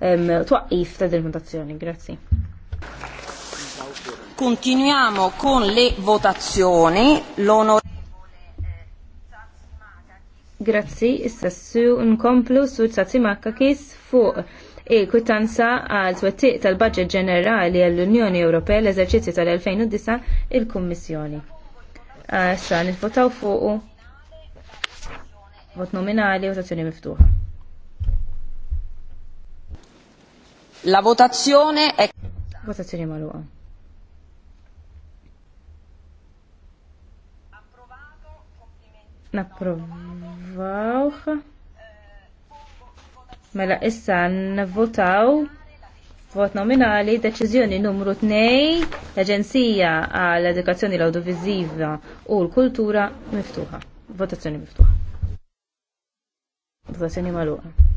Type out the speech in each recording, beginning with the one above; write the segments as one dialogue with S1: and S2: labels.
S1: Twaqqif ta' dil-votazzjoni. Grazzi.
S2: Continuiamo con le votazioni. L'onore...
S1: Grazzi, su nkomplu su tsazimakka kis fuq il-kwitanza għal twettiq tal-Budget Ġenerali għall-Unjoni Ewropea l-eżerċizzju tal-2009 il-Kummissjoni. Issa nifvotaw fuq vot nominali votazzjoni miftuħa.
S2: La votazione è... Votazione maluqa.
S1: Napprovawħ. Mela issa nvotaw. vot nominali deċiżjoni numru 2 l-Aġenzija għall edukazzjoni l-Audiovisiva u l-Kultura miftuħa. Votazzjoni miftuħa. Votazzjoni maluqa.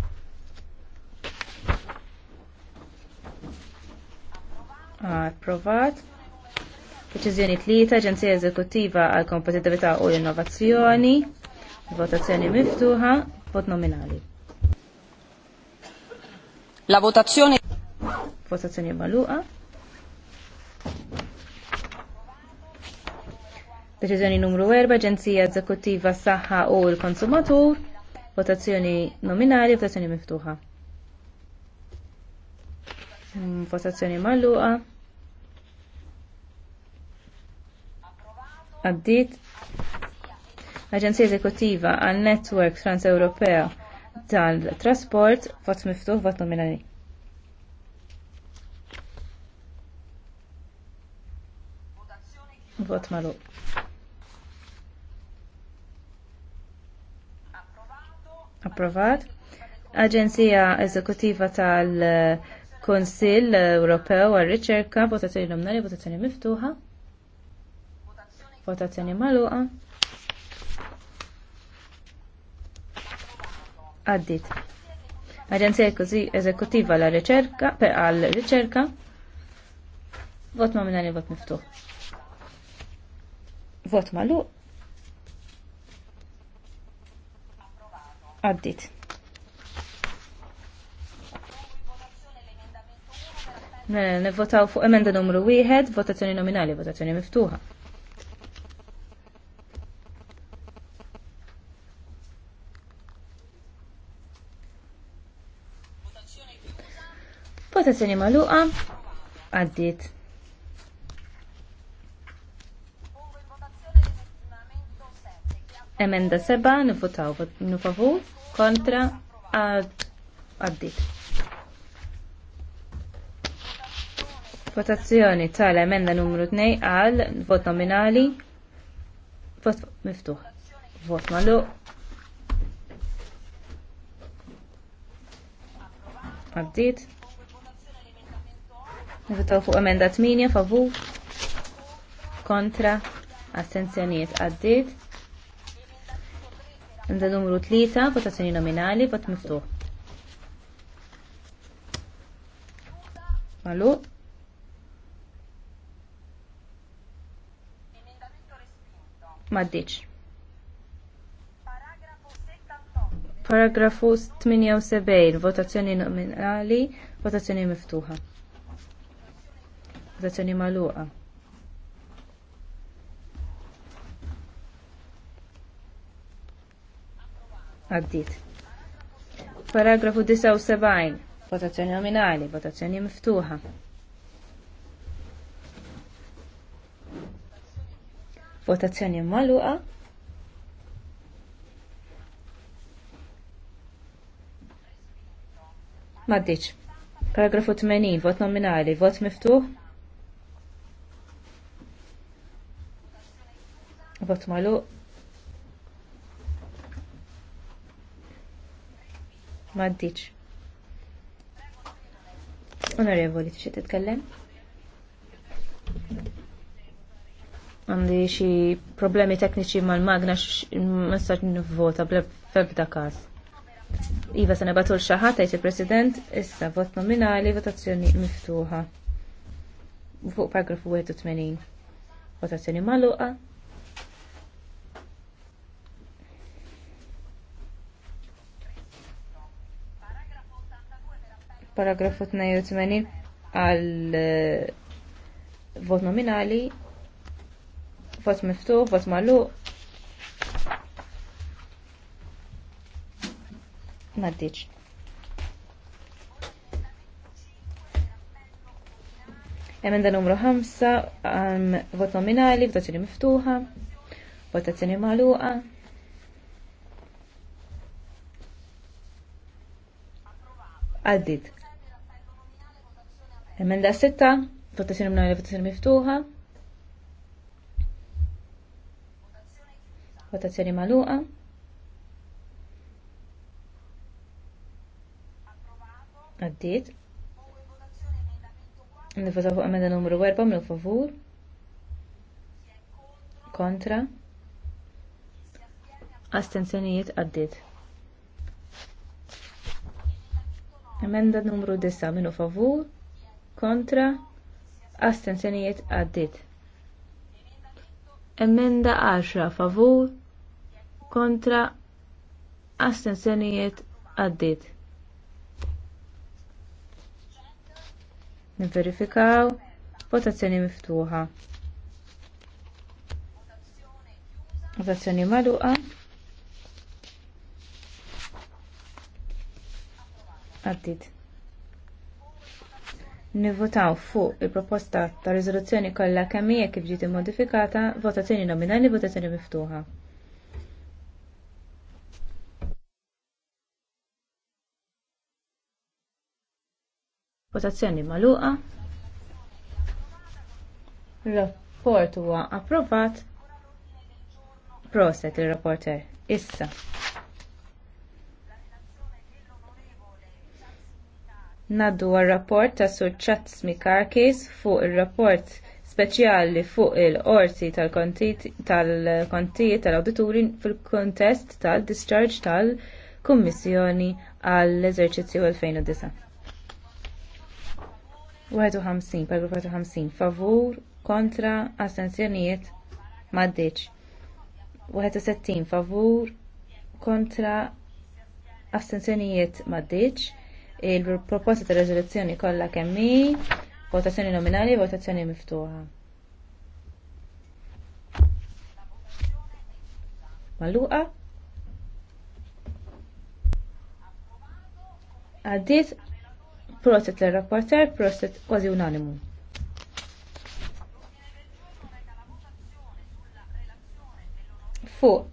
S1: approvat. Deċiżjoni tlieta, Aġenzija Eżekuttiva għal Kompetitività u l-Innovazzjoni. Votazzjoni miftuħa, vot nominali. La votazzjoni Votazzjoni magħluqa. Deċiżjoni numru 4, Aġenzija Eżekuttiva Saħħa u l-Konsumatur. Votazzjoni nominali, votazzjoni miftuħa. Mm, votazzjoni magħluqa. Għaddit. Aġenzija Eżekuttiva għal Network Transewropea tal-Trasport vot miftuħ vot nominali. Vot magħluq. Approvat. Aġenzija Eżekutiva tal- Konsil Ewropew għal-Riċerka, votazzjoni nominali, votazzjoni miftuħa, votazzjoni maluqa. Għaddit. Aġenzija eżekutiva Eżekuttiva għal riċerka per għal riċerka vot nominali vot miftuħ. Vot maluq. Għaddit. Mela, nivvotaw fuq emenda numru 1, votazzjoni nominali, votazzjoni miftuħa. Votazzjoni maluqa, għaddit. Emenda seba' nivvotaw, nivvotaw kontra, għaddit. Votazzjoni tal-emenda numru 2 għal vot nominali. Vot miftuħ. Vot malu. Għaddit. Nifutaw fuq emenda 8 favu. Kontra. Astenzjoniet għaddit. Emenda numru 3, votazzjoni nominali, vot miftuħ. Malu. maddiċ. Paragrafu 78, votazzjoni nominali, votazzjoni miftuħa. Votazzjoni maluqa. Għaddit. Paragrafu 79, votazzjoni nominali, votazzjoni miftuħa. Votazzjoni magħluqa. Maddiċ. Paragrafu 80, vot nominali, vot miftuħ. Vot magħluq. Maddiċ. Onorevoli, tixi titkellem? għandi xi problemi tekniċi mal-magna ma sarx nivvota bl-febda każ. Iva se nebatul xaħat ħadd il-President, issa vot nominali votazzjoni miftuħa. Fuq paragrafu 81. Votazzjoni magħluqa. Paragrafu 82 għal eh, vot nominali fos miftuħ, fos magħluq. Maddiċ. Emenda numru 5, um, vot nominali, votazzjoni miftuħa, votazzjoni magħluqa. Għaddit. Emenda 6, votazzjoni nominali, votazzjoni miftuħa, Votazzjoni maluqa. Għaddit. Nifota fuq emenda numru 4 mill favur. Kontra. Astenzjonijiet għaddit. Emenda numru 10, mill favur. Kontra. Astenzjonijiet għaddit. Emenda 10 favur kontra astensjonijiet għaddit. Niverifikaw votazzjoni miftuħa. Votazzjoni magħluqa. Għaddit. Nivvotaw fuq il-proposta ta' riżoluzzjoni kollha kemm hija kif ġiet immodifikata, votazzjoni nominali, votazzjoni miftuħa. votazzjoni maluqa. Rapport huwa approvat. Proset il-rapporter. Issa. Naddu għal-rapport ta' Surċat Smikarkis fuq il-rapport speċjali fuq il-qorti tal-kontijiet tal-awdituri fil-kontest tal-discharge tal-Kummissjoni għall-eżerċizzju 2009. 51, paragrafu 51, favur, kontra, astensjonijiet, maddiċ. 61, favur, kontra, astensjonijiet, maddiċ. Il-proposta ta' rezoluzzjoni kollha kemmi, votazzjoni nominali, votazzjoni miftuħa. Maluqa? Għaddit proset l-rapporter, proset kważi unanimu. Fuq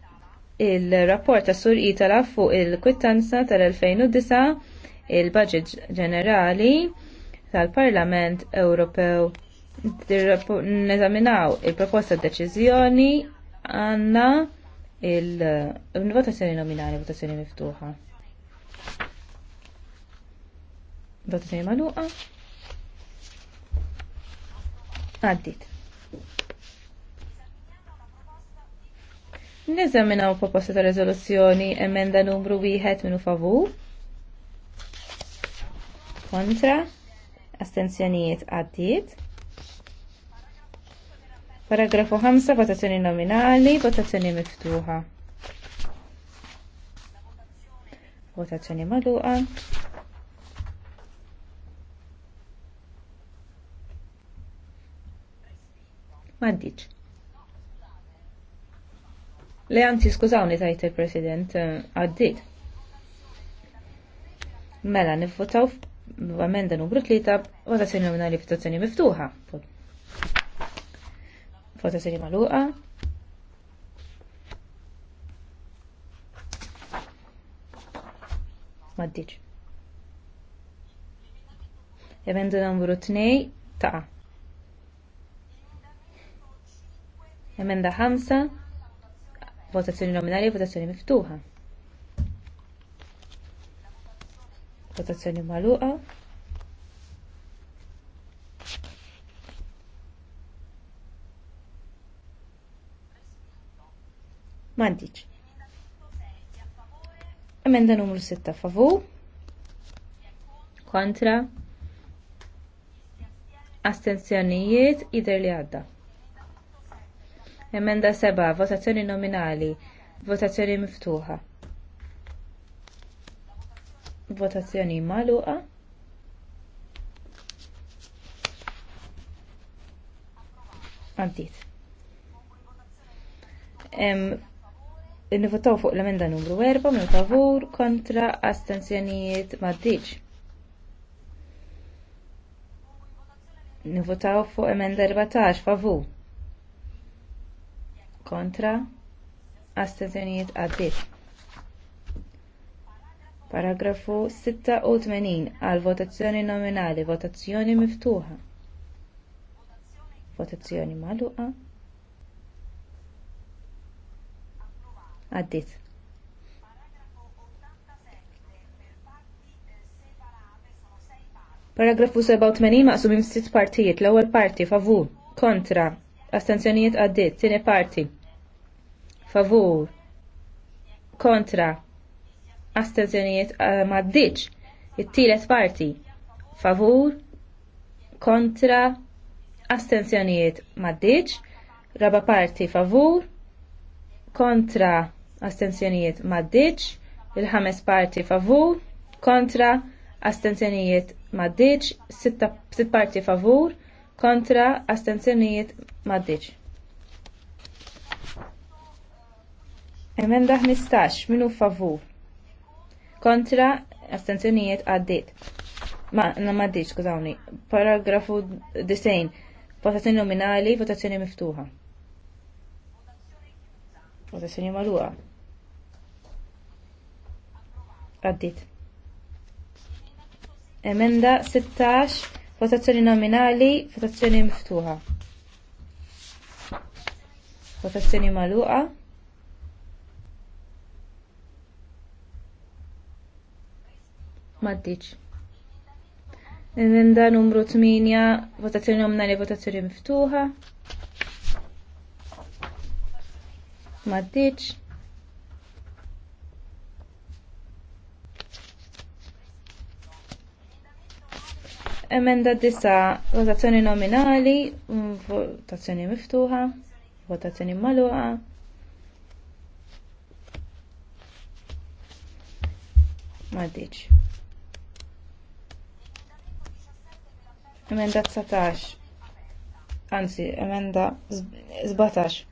S1: il-rapport ta' Sur Itala fuq il-kwittanza tal-2009 il-Budget Ġenerali tal-Parlament Ewropew. Neżaminaw il-proposta deċiżjoni għanna il-votazzjoni nominali, votazzjoni miftuħa. Votazzjoni magħluqa. Għaddit. u proposta ta' rezoluzzjoni emenda numru wieħed minu favu? Kontra. Astenzjonijiet għaddit. Paragrafu 5, votazzjoni nominali, votazzjoni miftuħa. Votazzjoni magħluqa. Maddiċ. Le anzi, skużawni tajt il-President, eh, għaddit. Mela, nifvotaw f'amenda numru 3, votazzjoni nominali votazzjoni miftuħa. Votazzjoni maluqa. Maddiċ. Emenda numru 2, ta' Emenda 5. Votazzjoni nominali, votazzjoni miftuħa. Votazzjoni maluqa. Mandiċ. Emenda numru 6 favur. Kontra. Astenzjonijiet, idher li għadda. Emenda 7. Votazzjoni nominali. Votazzjoni miftuħa. Votazzjoni magħluqa. Antit. Nivotaw fuq l-emenda numru 4 minn favur kontra astenzjonijiet maddiġ. Nivotaw fuq emenda 14 favur kontra astenzjonijiet għaddit. Paragrafu 86 għal votazzjoni nominali, votazzjoni miftuħa. Votazzjoni magħluqa. Għaddit. Paragrafu 87 maqsum sitt partijiet, l-ewwel parti favur, kontra, astenzjonijiet għaddit, tieni parti, favur kontra astenzjonijiet eh, maddiċ it-tielet parti favur kontra astenzjonijiet maddiċ raba parti favur kontra astenzjonijiet maddiċ il-ħames parti favur kontra astenzjonijiet maddiċ sitt parti favur kontra astenzjonijiet maddiċ Emenda 15 minu favur. Kontra astenzjonijiet għaddit. Ma, na maddit, skużawni. Paragrafu 90. Votazzjoni nominali, votazzjoni miftuħa. Votazzjoni maluqa. Għaddit. Emenda 16. Votazzjoni nominali, votazzjoni miftuħa. Votazzjoni maluqa. maddiċ. Emenda numru 8, votazzjoni nominali, votazzjoni miftuħa. Maddiċ. Emenda disa, votazzjoni nominali, votazzjoni miftuħa, votazzjoni maluqa. Maddiċ. Emenda 19. Anzi, emenda 17.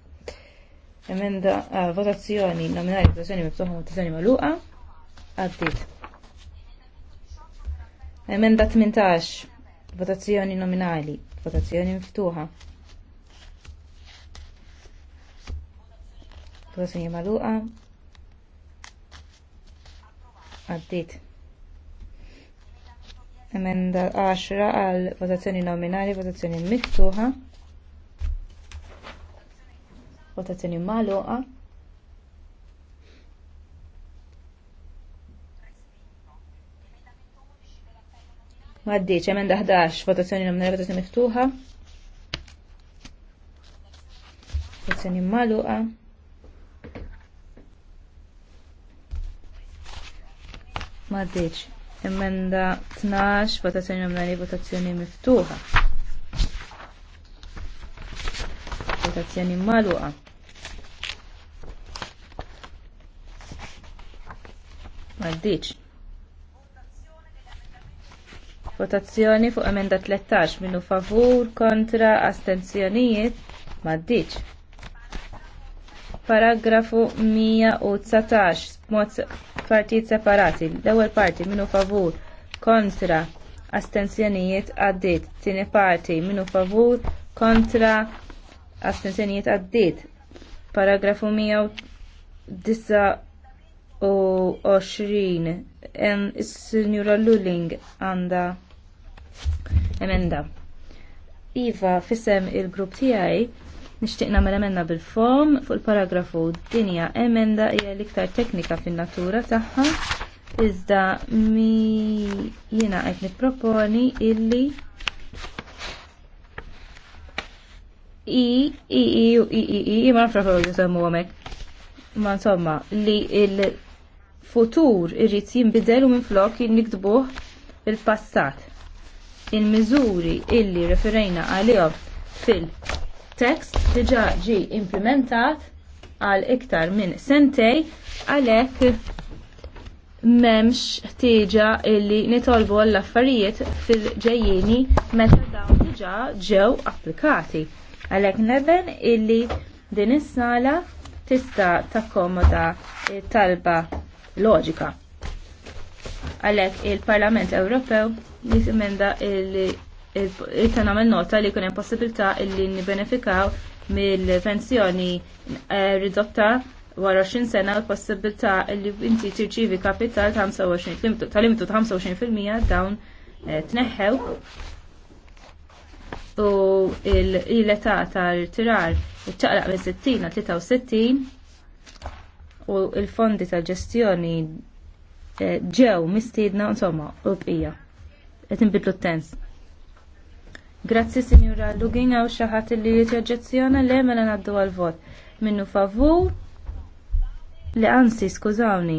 S1: Emenda ah, votazzjoni nominali votazzjoni miftuħa votazzjoni magħluqa għaddit. Emenda 18. Votazzjoni nominali votazzjoni miftuħa. Votazzjoni magħluqa għaddit emenda 10 għal votazzjoni nominali, votazzjoni miftuħa, votazzjoni magħluqa. Maddiċ, emenda 11, votazzjoni nominali, votazzjoni miftuħa. Votazzjoni magħluqa. Maddiċ, Emenda 12, votazzjoni nominali, votazzjoni miftuħa. Votazzjoni maluqa. Maddiċ. Votazzjoni fuq emenda 13 minnu favur kontra astenzjonijiet maddiċ. Paragrafu 119 mod partijiet separati. L-ewwel parti minnu favur kontra astensjonijiet għaddiet. Tieni parti minnu favur kontra astensjonijiet għaddiet. Paragrafu 129 is-Sinjura Lulling għandha emenda. Iva, fissem il-grupp tiegħi Nixtieq nagħmel emenda bil-fom fuq il-paragrafu dinja emenda hija l-iktar teknika fin-natura tagħha iżda mi jiena qed nipproponi illi i i i u i i i ma nafra fuq jisemmu Ma insomma li il-futur irid jinbidel u minflok nikdbuh il-passat il-miżuri illi referejna għalihom fil- tekst diġa ġi implementat għal iktar minn sentej għalhekk m'hemmx ħtieġa illi nitolbu l-affarijiet fil-ġejjieni meta dawn diġa ġew applikati. Għalhekk neben illi din is-sala tista' takkomoda talba loġika. Għalhekk il-Parlament Ewropew jisimenda il irta nagħmel nota li kunem hemm illi nibbenefikaw mill-pensjoni ridotta wara 20 sena l-possibilità li inti tirċivi kapital tal-limitu ta' 25% dawn tneħħew u l-età tal-tirar iċċaqlaq minn 60 għal 63 u l-fondi tal-ġestjoni ġew mistiedna insomma u bqija. Qed bidlu t-tens. Grazzi Sinjura Lugin għaw xaħat li jitjoġezzjona le mela naddu għal-vot. Minnu favur li għansi, skużawni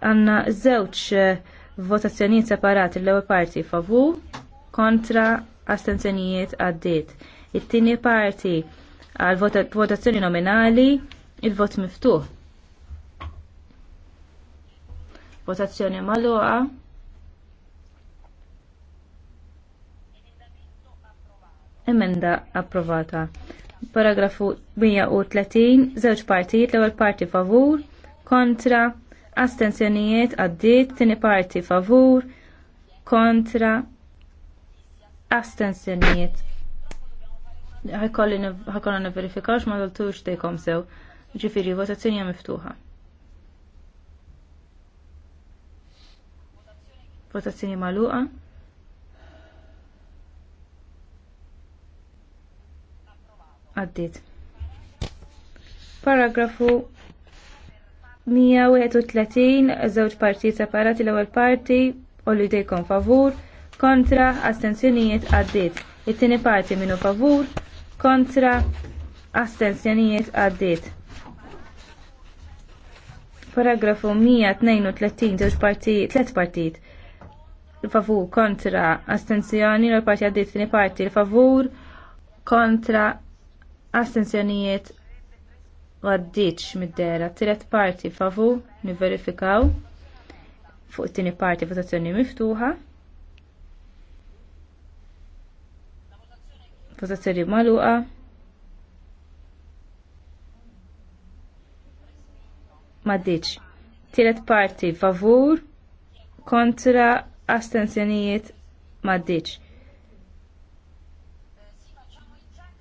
S1: għanna zewċ eh, votazzjonijiet separati l-ewwel parti favur kontra astenzjonijiet għaddiet. It-tieni parti għal votazzjoni nominali il-vot miftuħ. Votazzjoni maluqa. emenda approvata. Paragrafu 130, żewġ partijiet, l-ewwel parti favur, kontra, astensjonijiet għaddiet, tieni parti favur, kontra, astensjonijiet. Ħakolli niverifikawx ma daltux dejkom sew, ġifiri votazzjoni miftuħa. Votazzjoni maluqa. Għaddit. Paragrafu 131, żewġ partijiet separati l-ewwel parti, ollu jdejkom favur, kontra, astensjonijiet għaddit. It-tieni parti minnu favur, kontra, astensjonijiet għaddit. Paragrafu 132, żewġ partijiet, tliet partijiet favur kontra astenzjoni l parti għaddit fini parti l favur kontra astenzjonijiet għaddiċ mid-dera tiret parti favur niverifikaw fuq it-tieni parti votazzjoni miftuħa votazzjoni magħluqa m'għaddiċ tielet parti favur kontra astenzjonijiet m'għaddiċ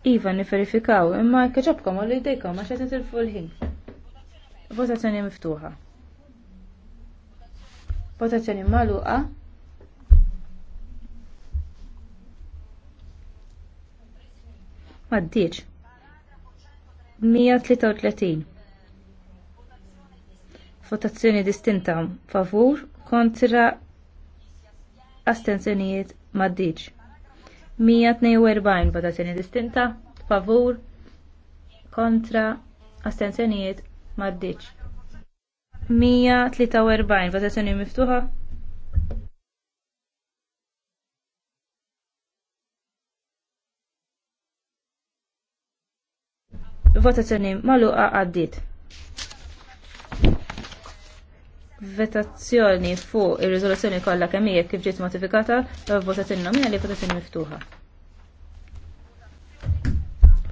S1: Iva nifferifikaw, imma kħeċobkom għallu jdejkom, għax għetin tilfu l-ħin. Votazzjoni miftuħa. Votazzjoni maluqa. Maddiċ. 133. Votazzjoni distinta favur kontra astenzjonijiet maddiċ. 142 votazzjoni distinta, favur, kontra, astenzjonijiet, maddiċ. 143 votazzjoni miftuħa. Votazzjoni maluqa għaddit votazzjoni fuq ir-riżoluzzjoni kollha kemm hija kif ġiet modifikata votazzjoni nominali votazzjoni miftuħa.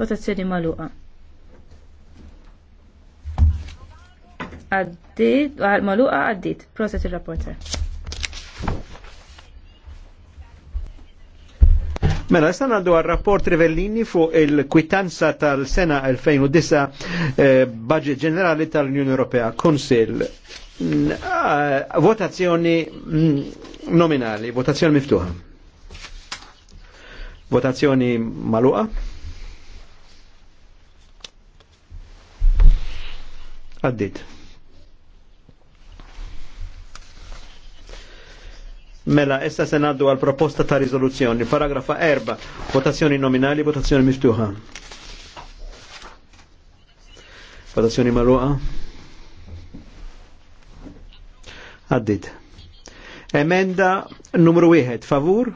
S1: Votazzjoni magħluqa. Għaddit, magħluqa għaddit, proset ir-rapporter.
S3: Mela, issa għandu għal-rapport Rivellini fuq il-kwitanza tal-sena 2009 eh, budget ġenerali tal-Unjoni Ewropea, Konsil. Eh, votazzjoni mm, nominali, votazzjoni miftuħa. Votazzjoni maluqa. Għaddit. Mela, essa se naddu għal proposta ta' rizoluzzjoni. Paragrafa 4. Votazzjoni nominali, votazzjoni miftuħa. Votazzjoni marruqa. Għaddit. Emenda numru 1. Favur?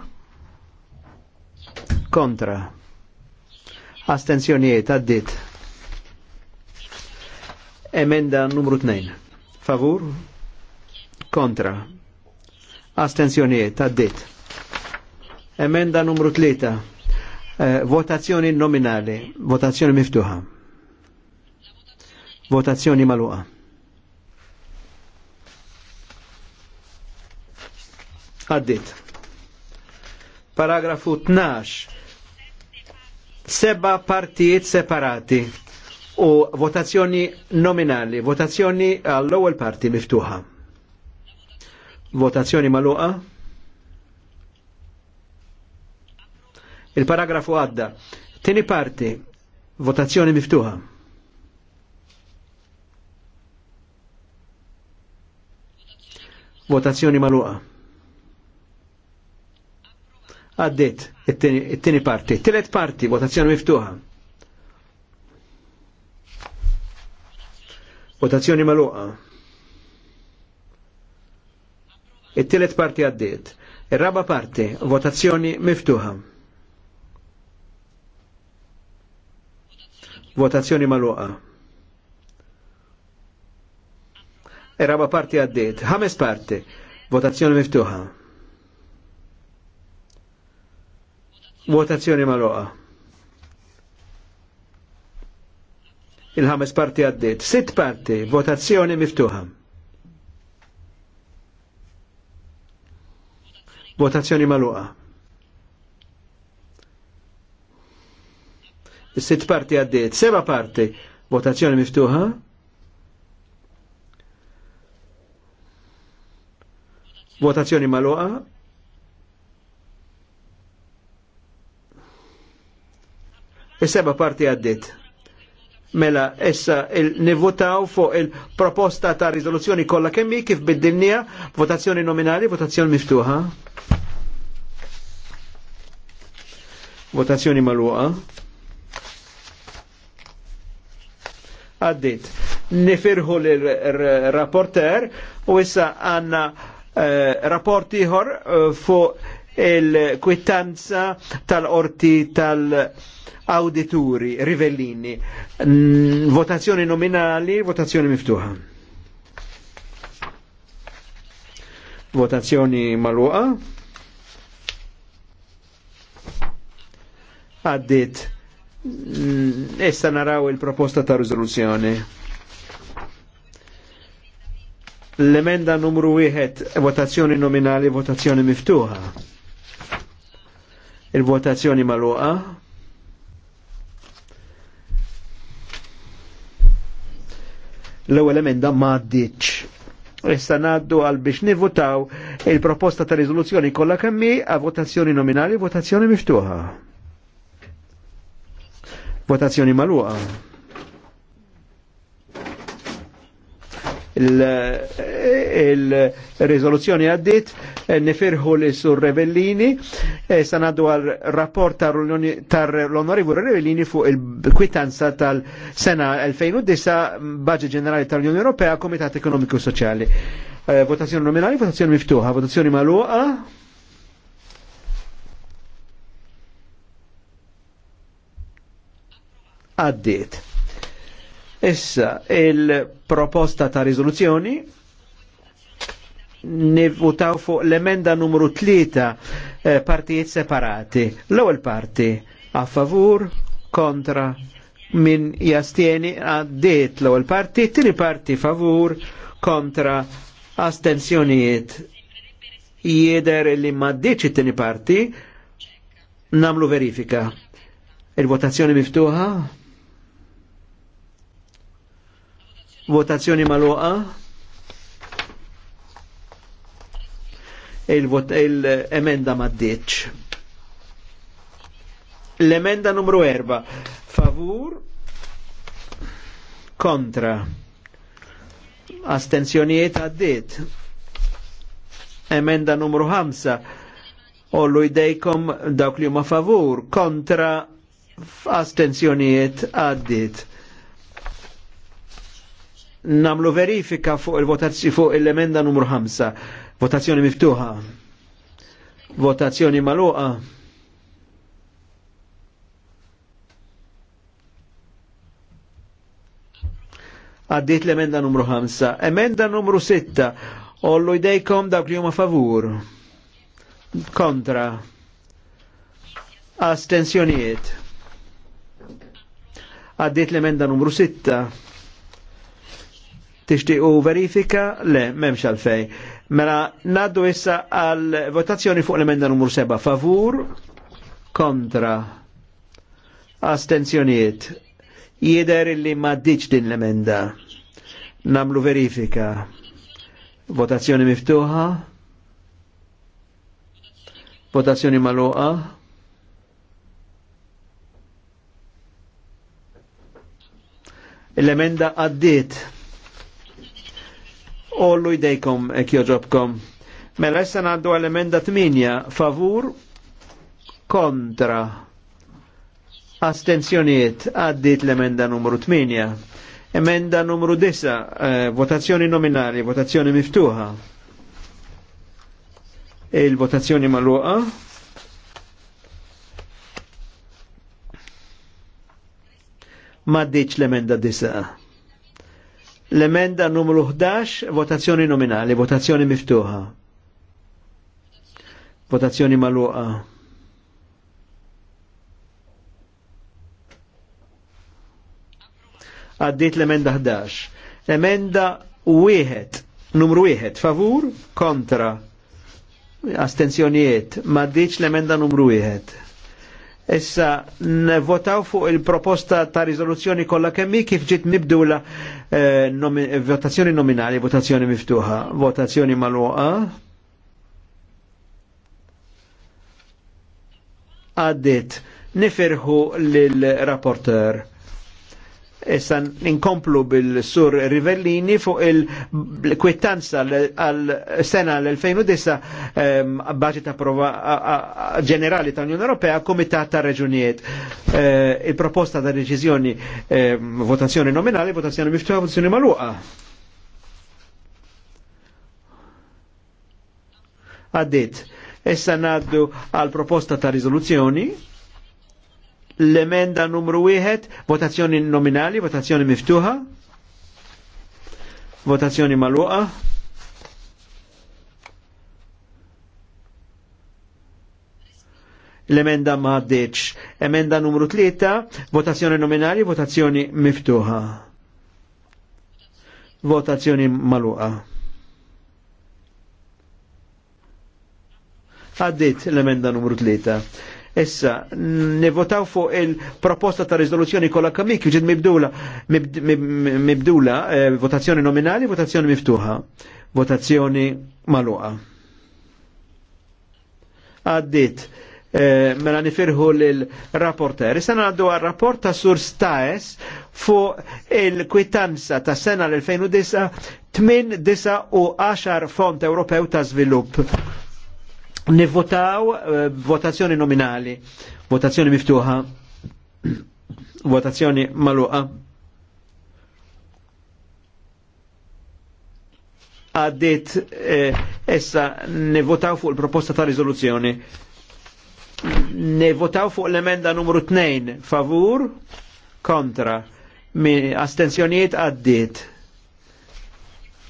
S3: Kontra. Astenzjoniet għaddit. Emenda numru 2. Favur? Kontra astenzjonijiet għaddit. Emenda numru 3. Eh, votazzjoni nominali, votazzjoni miftuħa. Votazzjoni maluqa. Għaddit. Paragrafu 12. Seba partijiet separati u votazzjoni nominali, votazzjoni għall-ewwel parti miftuħa. Votazzjoni maluqa. Il-paragrafu għadda. Tieni parti, votazzjoni miftuħa. Votazzjoni maluqa. Għaddit, it-tieni parti. Tilet parti, votazzjoni miftuħa. Votazzjoni maluqa. It-tielet parti għaddiet. Ir-raba parti, votazzjoni miftuħa. Votazzjoni maluqa. Ir-raba parti għaddiet. Ħames parti, votazzjoni miftuħa. Votazzjoni maluqa. Il-ħames parti għaddiet. Sitt parti, votazzjoni miftuħa. Votazzjoni maluqa. Sitt parti għaddiet, seba parti. Votazzjoni miftuħa. Votazzjoni maluqa. Is-seba e parti għaddiet. Mela, essa il nivvotaw fuq il-proposta ta' rizoluzzjoni kollha kemm kif biddilnija votazzjoni nominali, votazzjoni miftuħa. Votazzjoni magħluqa. Għaddit. Nifirħu l-rapporter u issa għanna eh, rapport ieħor eh, fuq il-kwittanza tal-orti tal-, -orti tal awdituri, rivellini, votazzjoni nominali, votazzjoni miftuħa. Votazzjoni maluqa. Għaddit. Issa naraw il-proposta ta' risoluzione. L-emenda numru 1, votazzjoni nominali, votazzjoni miftuħa. Il-votazzjoni maluqa. l-ewwel emenda m'għaddiċ. Issa ngħaddu għal biex nivvutaw il-proposta ta' riżoluzzjoni kollha kemm a votazzjoni nominali, votazzjoni miftuħa. Votazzjoni magħluqa. il-rizoluzzjoni għaddit, e nifirħu li sur Revellini, e sanaddu għal rapport tar l onorivu Revellini fuq il-kwitanza tal-sena 2009 Baġi Ġenerali tal-Unjoni Ewropea Komitat Ekonomiku Soċjali. E, votazzjoni nominali, votazzjoni miftuħa, votazzjoni maluqa. Għaddit. Issa, il-proposta ta' rizoluzzjoni nivutaw fuq l-emenda numru 3 eh, partijiet separati. L-ewwel parti a favur, kontra, min jastieni għaddiet l-ewwel parti, tieni parti favur, kontra, astensjonijiet. Jieder li ma ddiċ it-tieni parti, namlu verifika. Il-votazzjoni miftuħa? Votazzjoni maluqa. Il-emenda il maddiċ. L-emenda numru erba. Favur. Kontra. Astenzjonijiet għaddit. Emenda numru 5. Ollu idejkom dawk li huma favur. Kontra astenzjonijiet għaddit namlu verifika fuq il votazzi fuq l-emenda numru 5. Votazzjoni miftuħa. Votazzjoni maluqa. Għaddit l-emenda numru 5. Emenda numru 6. Ollu jdejkom dawk li huma favur. Kontra. Astensjonijiet. Għaddit l-emenda numru 6. Tixtiequ verifika? Le, m'hemmx għalfej. Mela naddu issa għal votazzjoni fuq l-emenda numru 7. Favur? Kontra? Astenzjonijiet? Jider li ma diċ din l-emenda. Namlu verifika. Votazzjoni miftuħa? Votazzjoni maluqa? l-emenda għaddit. Ollu jdejkom ek joġobkom. Mela jessan għaddu għal-emenda 8 favur kontra astenzjoniet għaddit l-emenda numru 8. Emenda numru 10, e, votazzjoni nominali, votazzjoni miftuħa. Il-votazzjoni maluqa. Ma ddiċ l-emenda 10. L-emenda numru 11, votazzjoni nominali, votazzjoni miftuħa. Votazzjoni maluqa. Għaddit l-emenda 11. Emenda 1, numru 1, favur, kontra, astenzjonijiet, ma ddiċ l-emenda numru 1. Issa votaw fuq il-proposta ta' rizoluzzjoni kollha kemm kif ġiet mibdula eh, votazzjoni nominali, votazzjoni miftuħa, votazzjoni magħluqa. Għaddit, nifirħu lil rapporteur Issa inkomplu bil-sur Rivellini fuq il-kwittanza għal-sena l-2009 ehm, baġit approva ġenerali ta' Unjoni Ewropea Komitat ta' Reġunijiet. Eh, il-proposta ta' deċiżjoni ehm, votazzjoni nominali, votazzjoni miftuħa, votazzjoni maluqa. Għaddit. Issa naddu għal proposta ta' riżoluzzjoni l-emenda numru 1, votazzjoni nominali, votazzjoni miftuħa, votazzjoni maluqa. L-emenda maħdeċ. Emenda numru 3, votazzjoni nominali, votazzjoni miftuħa. Votazzjoni maluqa. Għaddit l-emenda numru 3. Issa, nivotaw fuq il-proposta ta' rizoluzzjoni kolla kamik, ġid mibdula, mibdula eh, votazzjoni nominali, votazzjoni miftuħa, votazzjoni maluqa. Għaddit, eh, mela nifirħu l-rapporter. Issa għaddu għal-rapport ta' Sur Staes fuq il-kwitanza ta' sena l-2009, 8, 9 u 10 fond Ewropew ta' svilupp nivvotaw eh, votazzjoni nominali, votazzjoni miftuħa, votazzjoni maluqa. Għaddit eh, essa nivvotaw fuq il-proposta ta' rizoluzzjoni. Nivvotaw fuq l-emenda numru 2, favur, kontra, astenzjoniet għaddit.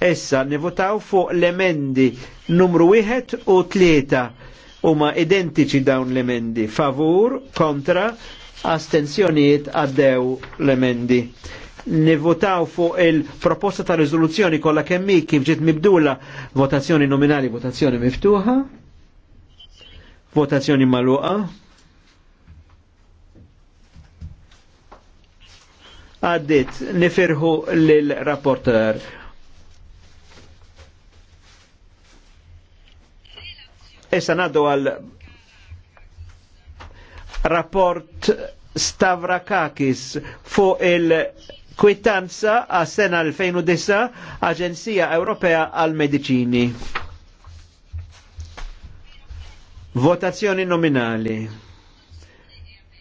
S3: Essa nivvotaw fuq l-emendi numru 1 u 3 huma identiċi dawn l-emendi. Favur, kontra, astenzjoniet għaddew l-emendi. Nivvotaw fuq il-proposta ta' rizoluzzjoni kollha kemmi kif ġiet mibdula votazzjoni nominali, votazzjoni miftuħa, votazzjoni maluqa. Għaddit, nifirħu l-rapporter Issa naddu għal rapport Stavrakakis fuq il-kwitanza għas sena 2009 Aġenzija Ewropea għal Medicini. Votazzjoni nominali.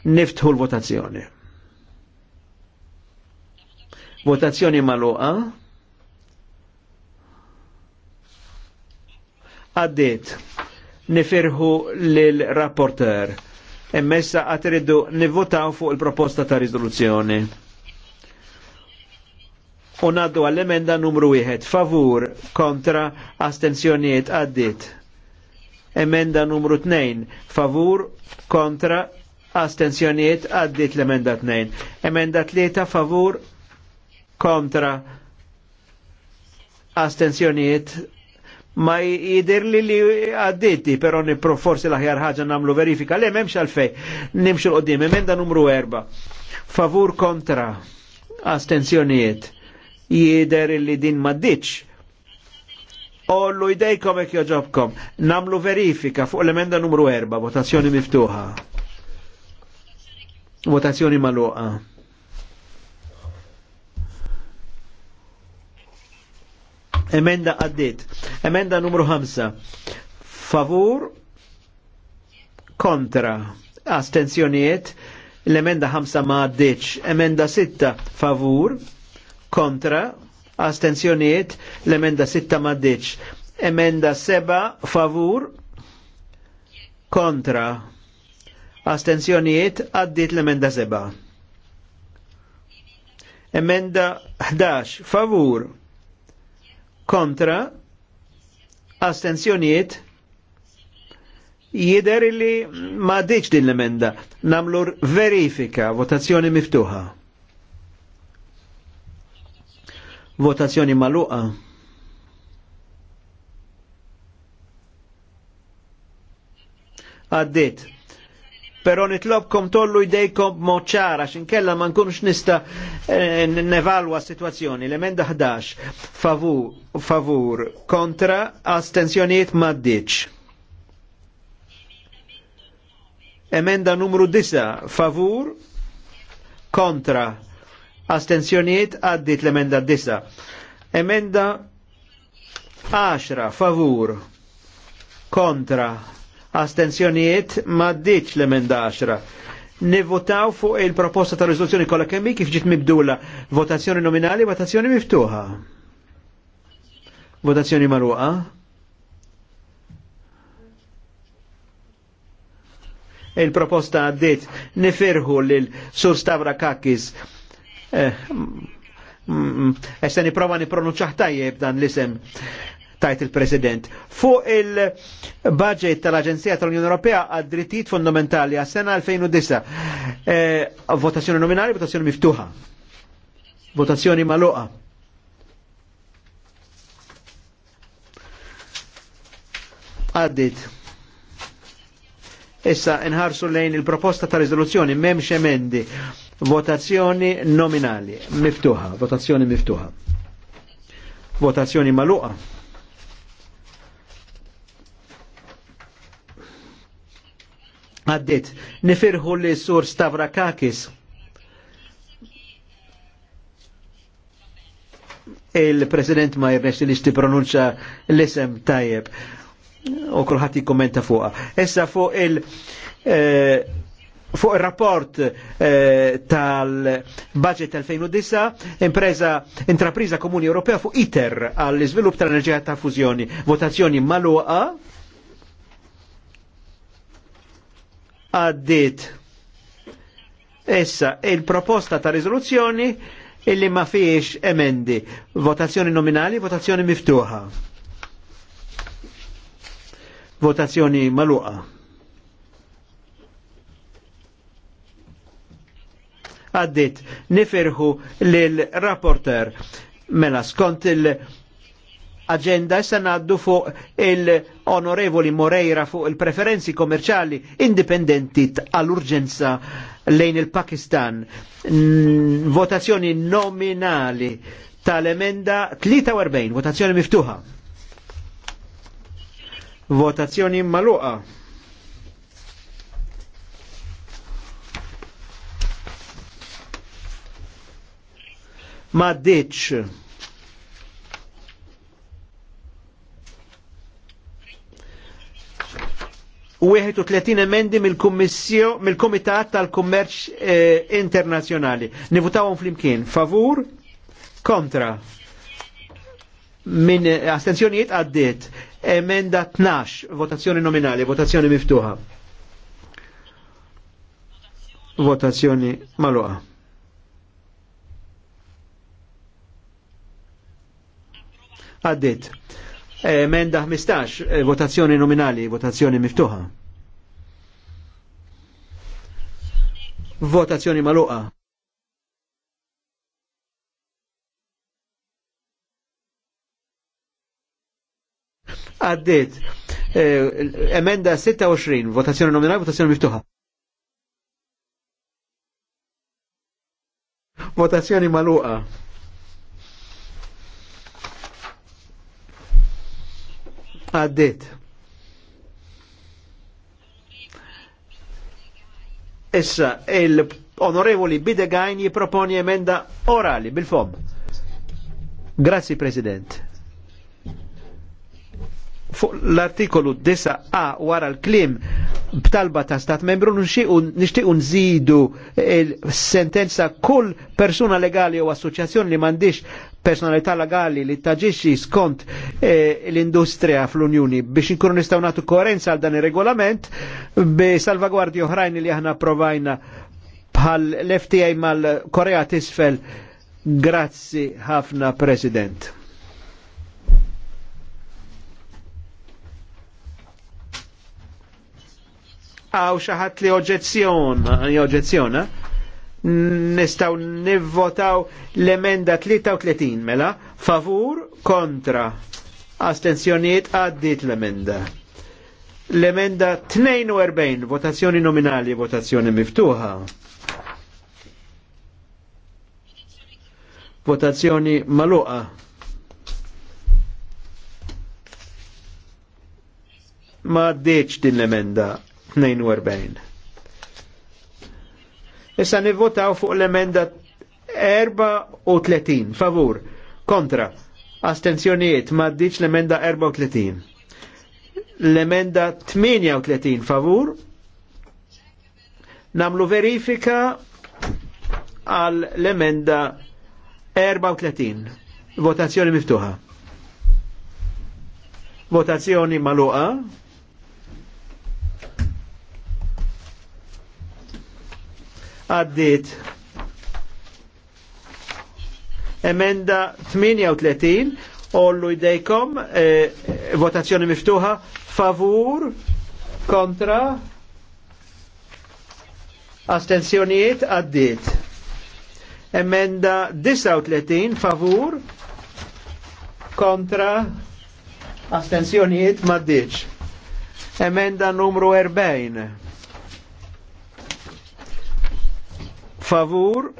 S3: Niftħu l-votazzjoni. Votazzjoni maluqa. Għaddit nifirħu l-rapporter. Emmessa għatridu nivvotaw fuq il-proposta ta' rizoluzzjoni. U għall-emenda numru 1, favur, kontra, astenzjoniet għaddit. Emenda numru 2, favur, kontra, astenzjoniet għaddit l-emenda 2. Emenda 3, favur, kontra, astenzjoniet ma jidir li li għadditi, pero nipro forsi laħjar ħagġa namlu verifika, le memx għalfej, nimxu l-qoddim, emenda numru erba. favur kontra, astenzjonijiet, jider li din maddiċ, ollu idejkom e kjoġobkom, namlu verifika fuq l-emenda numru erba. votazzjoni miftuħa. Votazzjoni maluqa. Emenda għaddit. Emenda numru 5. Favur kontra. Astenzjoniet. L-emenda 5 ma għaddiċ. Emenda 6 favur kontra. Astenzjoniet. L-emenda 6 ma għaddiċ. Emenda 7 favur kontra. Astenzjoniet għaddit l-emenda 7. Emenda 11 favur kontra, astenzjoniet, jider li ma diċ din l-emenda, namlu verifika, votazzjoni miftuħa. Votazzjoni maluqa. Għaddit pero nitlobkom tollu jdejkom moċara, xinkella ma nkunx nista eh, nevalwa situazzjoni. L-emenda 11, favur, favur, kontra, astenzjoniet maddiċ. Emenda numru 10, favur, kontra, Astenzjonijiet. għaddit l-emenda 10. Emenda 10, favur, kontra, astenzjonijiet maddiċ l-emenda 10. Nivvotaw fuq il-proposta ta' rizoluzzjoni kollha kemmi kif ġiet mibdula votazzjoni nominali, votazzjoni miftuħa. Votazzjoni marruqa. Il-proposta għaddit nifirħu lil Sur Stavra Kakis. Eh, mm, mm, mm. Esta niprofa nipronunċaħ tajjeb dan l-isem tajt il-President. Fuq il-budget tal-Aġenzija tal-Unjoni Ewropea għad drittijiet fondamentali għas sena 2009. Eh, votazzjoni nominali, votazzjoni miftuħa. Votazzjoni maluqa. Għaddit. Issa nħarsu lejn il-proposta ta' rizoluzzjoni memx emendi. Votazzjoni nominali, miftuħa, votazzjoni miftuħa. Votazzjoni maluqa. għaddit. Nifirħu li sur Stavrakakis il-president ma jirnex li xti pronunċa l-isem tajjeb u kullħat jikkommenta fuqa. Issa fuq il- eh, fuq il-rapport eh, tal-budget tal-2009 impresa intrapriza komuni Ewropea fuq ITER għall izvilup tal-enerġija ta' fużjoni. Votazzjoni maluqa għaddit. Essa, il-proposta ta' rizoluzzjoni illi ma fiex emendi. Votazzjoni nominali, votazzjoni miftuħa. Votazzjoni maluqa. Għaddit, nifirħu l-rapporter mela skont il- agenda issa naddu fuq il-onorevoli Moreira fuq il-preferenzi kommerċali indipendenti għall-urġenza lejn il-Pakistan. Votazzjoni nominali tal-emenda 43, votazzjoni miftuħa. Votazzjoni maluqa. Ma ditx. 31 emendi mill-Kumitat tal-Kummerċ eh, Internazzjonali. Nivutawhom flimkien favur kontra Min eh, astenzjonijiet għaddiet emenda 12 votazzjoni nominali, votazzjoni miftuħa. Votazzjoni maluqa. Għaddiet. Emenda 15, eh, votazzjoni nominali, votazzjoni miftuħa. Votazzjoni maluqa. Għaddit. Eh, emenda 26, votazzjoni nominali, votazzjoni miftuħa. Votazzjoni maluqa. Għaddit. Issa, il-onorevoli Bidegajn jiproponi emenda orali bil-fob. Grazzi, President. l-artikolu 9a wara l-klim b'talba ta' stat membru nixtiequ nżidu il-sentenza kull persuna legali u assoċjazzjoni li m'għandix personalità legali li taġixxi skont eh, l-industrija fl-Unjoni biex inkunu nistgħu nagħtu koerenza għal dan ir-regolament bi salvagwardji oħrajn li aħna provajna bħal l-FTA mal-Korea tisfel. Grazzi ħafna President. Għaw xaħat li oġezzjon, eh? nistaw nivvotaw l-emenda 33 mela favur kontra astenzjoniet għaddit l-emenda l-emenda 42 votazzjoni nominali votazzjoni miftuħa votazzjoni maluqa ma għaddit din l-emenda 42 Issa nivvotaw fuq l-emenda 34 favur kontra astenzjonijiet ma ddiċ l-emenda 34. L-emenda 38 favur namlu verifika għal l-emenda 34. Votazzjoni miftuħa. Votazzjoni maluqa. għaddit. Emenda 38, ollu jdejkom, eh, votazzjoni miftuħa, favur, kontra, astensjonijiet għaddit. Emenda 39, favur, kontra, astensjonijiet maddiċ. Emenda numru 40 favur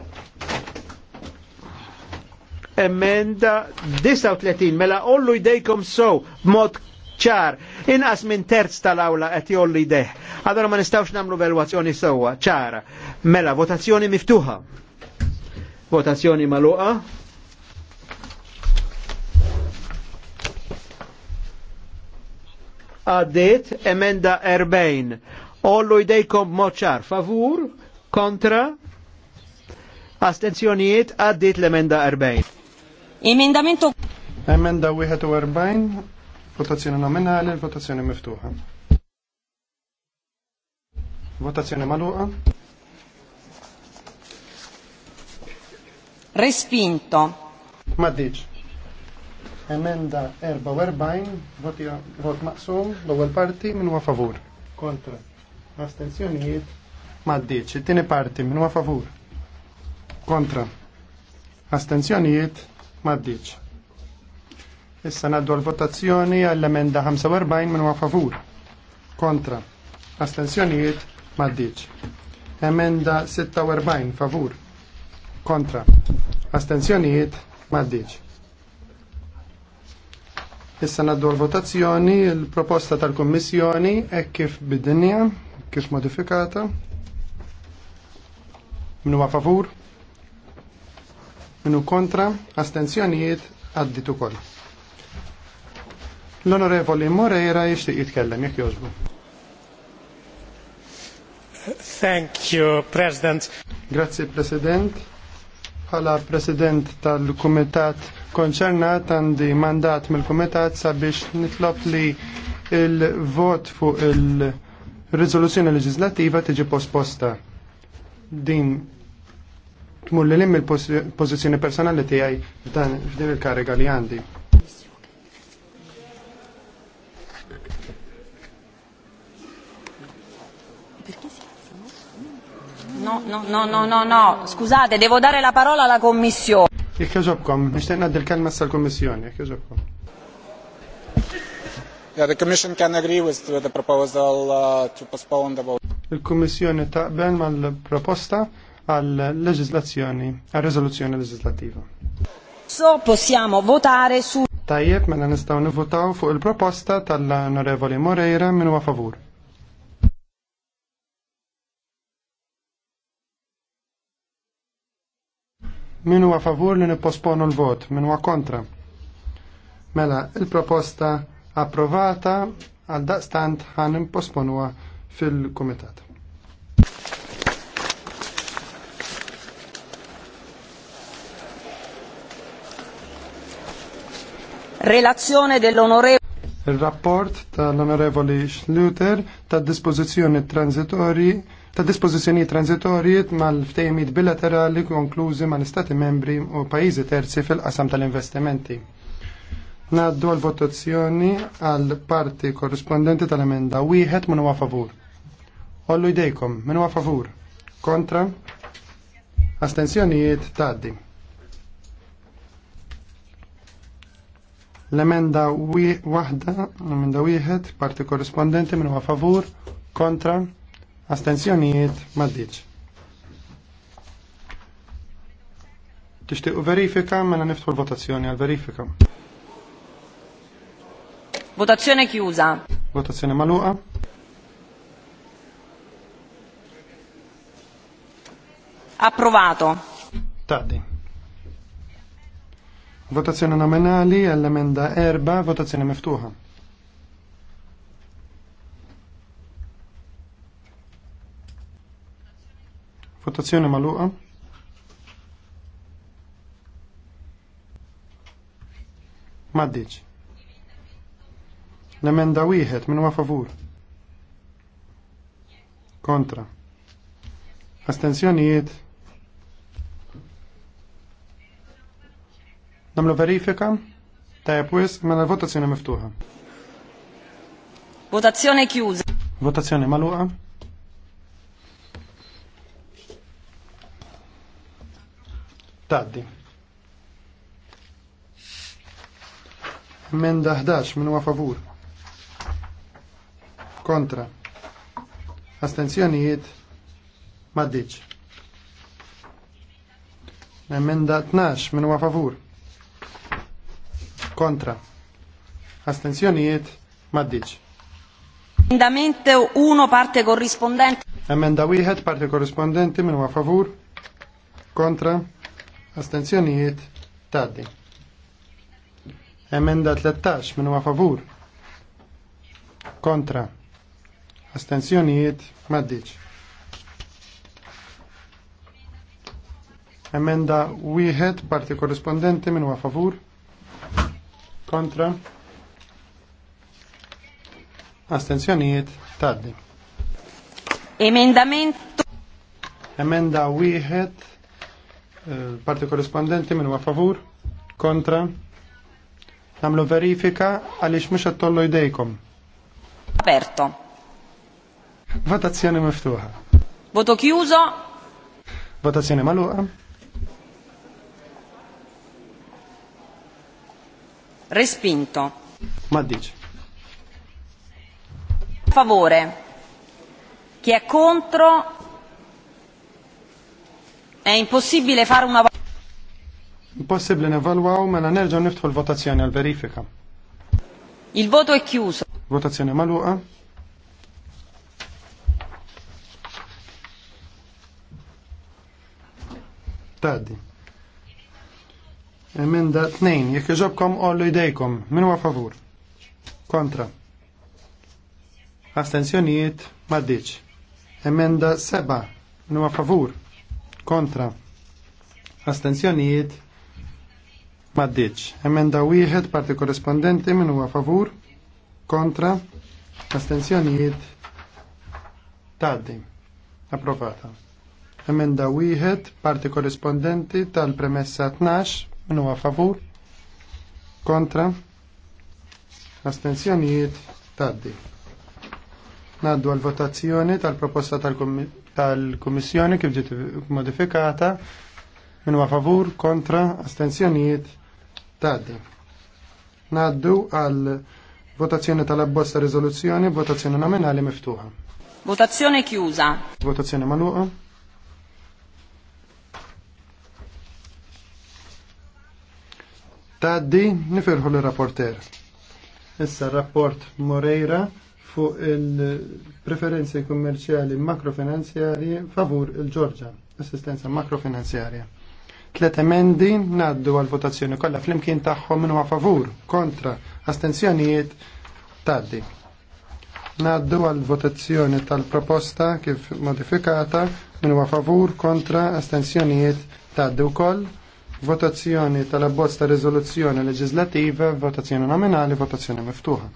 S3: emenda 39 mela ollu idejkom sow mod ċar inqas minn terz tal-awla qed jollu jdeħ. Allora ma nistgħux nagħmlu valwazzjoni sewwa ċara. Mela votazzjoni miftuħa. Votazzjoni maluqa. Għaddit emenda 40. Ollu idejkom mod ċar favur kontra Astenzjonijiet għaddit l-emenda 40. Emendamento. Emenda 41,
S4: votazzjoni nominali, votazzjoni miftuħa. Votazzjoni maluqa. Respinto. Maddiċ. Emenda 44, voti vot maqsum, l-ewwel parti minn huwa favur. Kontra. Astenzjonijiet. Maddiċ. It-tieni parti minn huwa favur kontra astenzjonijiet maddiċ. Issa naddu l-votazzjoni għall-emenda 45 minn favur kontra astenzjonijiet maddiċ. Emenda 46 favur kontra astenzjonijiet maddiċ. Issa naddu l-votazzjoni il-proposta tal-Kommissjoni e kif bid-dinja, kif modifikata. Minu favur? Minu kontra, astenzjonijiet għadditu ukoll. L-Onorevoli Moreira jixtieq jitkellem jekk jogħġbu. Thank you, President. Grazie, President. Bħala President tal-Kumitat konċernat għandi mandat mill-Kumitat sabiex nitlob li il-vot fuq il-rizoluzzjoni leġislativa tiġi posposta. Din tmur l lim il-pozizjoni personali ti għaj tiegħi f'din il-kariga li għandi.
S2: No, no, no, no, no, no, scusate, devo dare la parola alla Commissione.
S4: E che Mi Jek jaġobkom, nishtiq naddil kelma s kommissjoni jek jaġobkom. Yeah, the Commission can agree with the proposal uh, to postpone the vote. Il-Kommissjoni commissione taqbel mal-proposta għal-leġizlazzjoni, għal-rezoluzzjoni leġizlativa.
S2: So possiamo votare su.
S4: Tajjeb, mela nistgħu nivvotaw fuq il-proposta tal-Onorevoli Moreira minn huwa favur. Min huwa favur li nipposponu l-vot, min huwa kontra. Mela, il-proposta approvata għal daqstant ħan imposponuha fil-Kumitat.
S2: Relazione dell'onorevole
S4: Il-rapport tal-onorevoli Schluter ta' dispożizzjoni transitori ta' dispożizzjoni transitorji mal ftejmit bilaterali konklużi mal-Istati membri u pajjiżi terzi fil-qasam tal-investimenti. Naddu għal votazzjoni għal parti korrispondenti tal-emenda wieħed minn huwa favur. Ollu jdejkom, minn huwa favur. Kontra? Astenzjonijiet tgħaddi. L-emenda wahda, l-emenda wieħed, parti korrispondenti minn huwa favur, kontra, astensjonijiet maddiċ. u verifika mela niftħu l-votazzjoni għal verifika.
S2: Votazzjoni chiusa.
S4: Votazzjoni maluqa.
S2: Approvato.
S4: Tardi. Votazzjoni nominali għall-emenda erba, votazzjoni miftuħa. Votazzjoni maluqa. Maddiċ. L-emenda wieħed minn huwa favur. Kontra. Astenzjonijiet Namlu verifika tajab wis mela votazzjoni miftuħa.
S2: Votazzjoni chiusa.
S4: Votazzjoni maluqa. Taddi. Emenda 11 minu huwa favur. Kontra. Astenzjonijiet maddiċ. Emenda 12 minn huwa favur kontra. Astenzjonijiet maddiċ.
S2: Emendament 1 parte korrispondenti.
S4: Emenda wieħed parte korrispondenti minn a favur kontra astenzjonijiet taddi. Emenda 13 minn a favur kontra astenzjonijiet maddiċ. Emenda wieħed parti korrispondenti minn a favur kontra astenzjonijiet taddi. Emendamentu. Emenda wieħed eh, parti korrespondenti minn huwa favur kontra namlu verifika għaliex mhux qed tollu jdejkom. Aperto. Votazzjoni miftuħa.
S2: Voto chiuso.
S4: Votazzjoni magħluqa.
S2: Respinto. a Favore. Chi è contro? È impossibile fare una
S4: Impossibile nevalwaw mela nerġgħu niftħu l-votazzjoni al verifika. Il voto è chiuso. Votazione maluqa. Tardi. Emenda 2. Jekk iġobkom ollu idejkom, Min huwa favur? Kontra. Astenzjonijiet maddiċ. Emenda 7. Min huwa favur? Kontra. Astenzjonijiet maddiċ. Emenda 1. Parti korrespondenti. Min huwa favur? Kontra. Astenzjonijiet taddi. Approvata. Emenda 1. Parti korrespondenti tal-premessa 12 Min huwa favur? Kontra? Astenzjonijiet? Taddi. Naddu għal votazzjoni tal-proposta tal-Kummissjoni kif ġiet modifikata. Min huwa favur? Kontra? Astenzjonijiet? Taddi. Naddu għal votazzjoni tal-abbozza riżoluzzjoni, votazzjoni nominali miftuħa.
S2: Votazzjoni chiusa.
S4: Votazzjoni manuqa. Taddi, nifirħu l-rapporter. Issa rapport Moreira fuq il-preferenzi kummerċjali makrofinanzjarji favur il-Ġorġa, assistenza makrofinanzjarja. Tlet emendi naddu għal-votazzjoni kollha flimkien tagħhom minnu favur, kontra, astenzjonijiet taddi. Naddu għal-votazzjoni tal-proposta kif modifikata minnu favur, kontra, astenzjonijiet taddi wkoll Votazzjoni tal-abbozz ta' riżoluzzjoni leġislativa, votazzjoni nominali, votazzjoni miftuħa.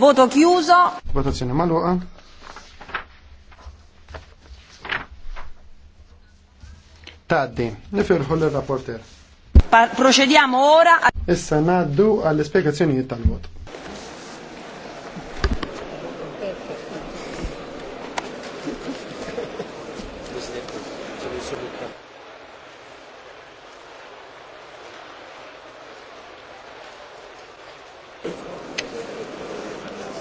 S2: Voto chiuso.
S4: Votazzjoni maluqa. Taddi, nifirħu l-rapporter.
S2: Procediamo ora.
S4: Issa naddu għall-spiegazzjonijiet tal-vot.